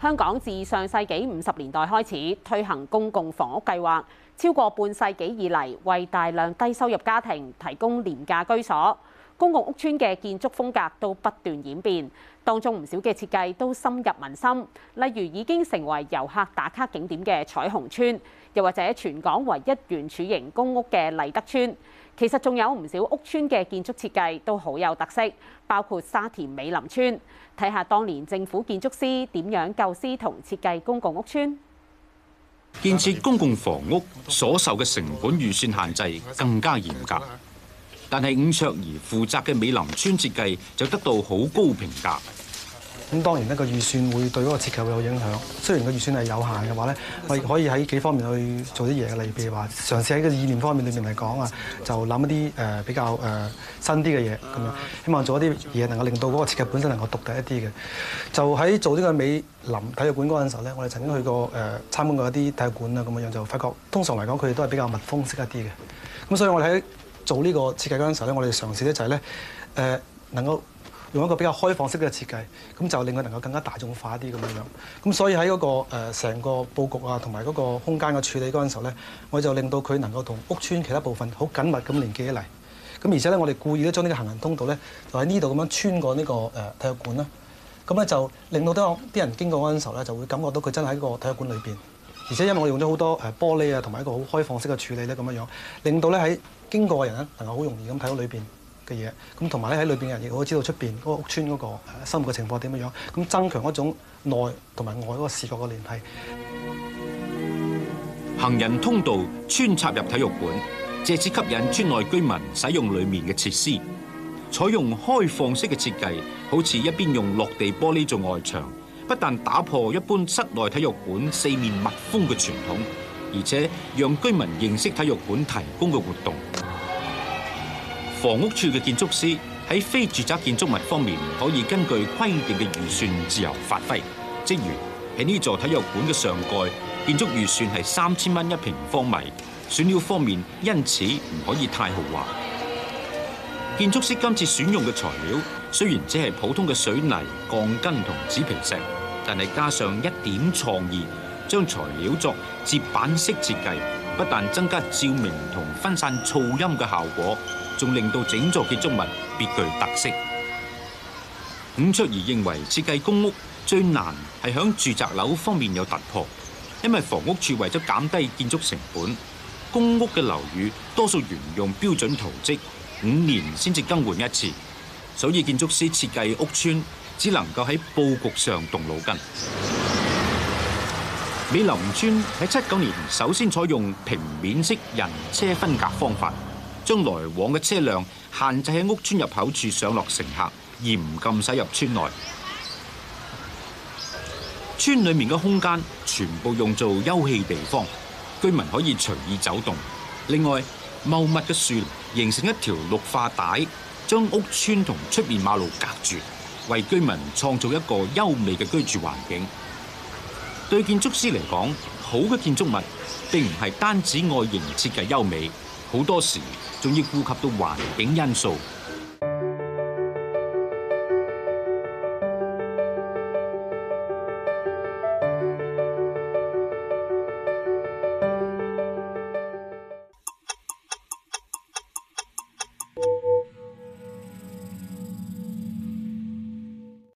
香港自上世紀五十年代開始推行公共房屋計劃，超過半世紀以嚟，為大量低收入家庭提供廉價居所。公共屋邨嘅建築風格都不斷演變，當中唔少嘅設計都深入民心。例如已經成為遊客打卡景點嘅彩虹邨，又或者全港唯一圓柱形公屋嘅勵德邨。其實仲有唔少屋邨嘅建築設計都好有特色，包括沙田美林邨。睇下當年政府建築師點樣構思同設計公共屋邨。建設公共房屋所受嘅成本預算限制更加嚴格。但係伍卓兒負責嘅美林邨設計就得到好高評價。咁當然呢個預算會對嗰個設計會有影響。雖然個預算係有限嘅話咧，我亦可以喺幾方面去做啲嘢嘅，例如譬如話嘗試喺個意念方面裏面嚟講啊，就諗一啲誒比較誒新啲嘅嘢咁樣，希望做一啲嘢能夠令到嗰個設計本身能夠獨特一啲嘅。就喺做呢個美林體育館嗰陣時候咧，我哋曾經去過誒參觀過一啲體育館啊咁樣，就發覺通常嚟講佢哋都係比較密封式一啲嘅。咁所以我哋。做呢個設計嗰陣時候咧，我哋嘗試一就係、是、咧，誒、呃、能夠用一個比較開放式嘅設計，咁就令佢能夠更加大眾化啲咁樣樣。咁所以喺嗰、那個成、呃、個佈局啊，同埋嗰個空間嘅處理嗰陣時候咧，我就令到佢能夠同屋邨其他部分好緊密咁連接起嚟。咁而且咧，我哋故意都將呢個行人通道咧，就喺呢度咁樣穿過呢、這個誒、呃、體育館啦。咁咧就令到啲啲人經過嗰陣時候咧，就會感覺到佢真係喺個體育館裏邊。而且因為我用咗好多誒玻璃啊，同埋一個好開放式嘅處理咧，咁樣樣令到咧喺經過嘅人咧能夠好容易咁睇到裏邊嘅嘢，咁同埋咧喺裏邊嘅人亦都知道出邊嗰個屋村嗰個生活嘅情況點樣樣，咁增強一種內同埋外嗰個視覺嘅聯繫。行人通道穿插入體育館，藉此吸引村內居民使用裏面嘅設施。採用開放式嘅設計，好似一邊用落地玻璃做外牆。不但打破一般室內體育館四面密封嘅傳統，而且讓居民認識體育館提供嘅活動。房屋處嘅建築師喺非住宅建築物方面，可以根據規定嘅預算自由發揮，即如喺呢座體育館嘅上蓋，建築預算係三千蚊一平方米，選料方面因此唔可以太豪華。建築師今次選用嘅材料，雖然只係普通嘅水泥、鋼筋同紙皮石。但係加上一點創意，將材料作折板式設計，不但增加照明同分散噪音嘅效果，仲令到整座建築物別具特色。伍卓儀認為設計公屋最難係響住宅樓方面有突破，因為房屋處為咗減低建築成本，公屋嘅樓宇多數沿用標準圖積，五年先至更換一次。所以建築師設計屋村，只能夠喺佈局上動腦筋。美林邨喺七九年首先採用平面式人車分隔方法，將來往嘅車輛限制喺屋村入口處上落乘客，嚴禁駛入村內。村裡面嘅空間全部用做休憩地方，居民可以隨意走動。另外，茂密嘅樹林形成一條綠化帶。將屋邨同出面馬路隔住，為居民創造一個優美嘅居住環境。對建築師嚟講，好嘅建築物並唔係單止外形設計優美，好多時仲要顧及到環境因素。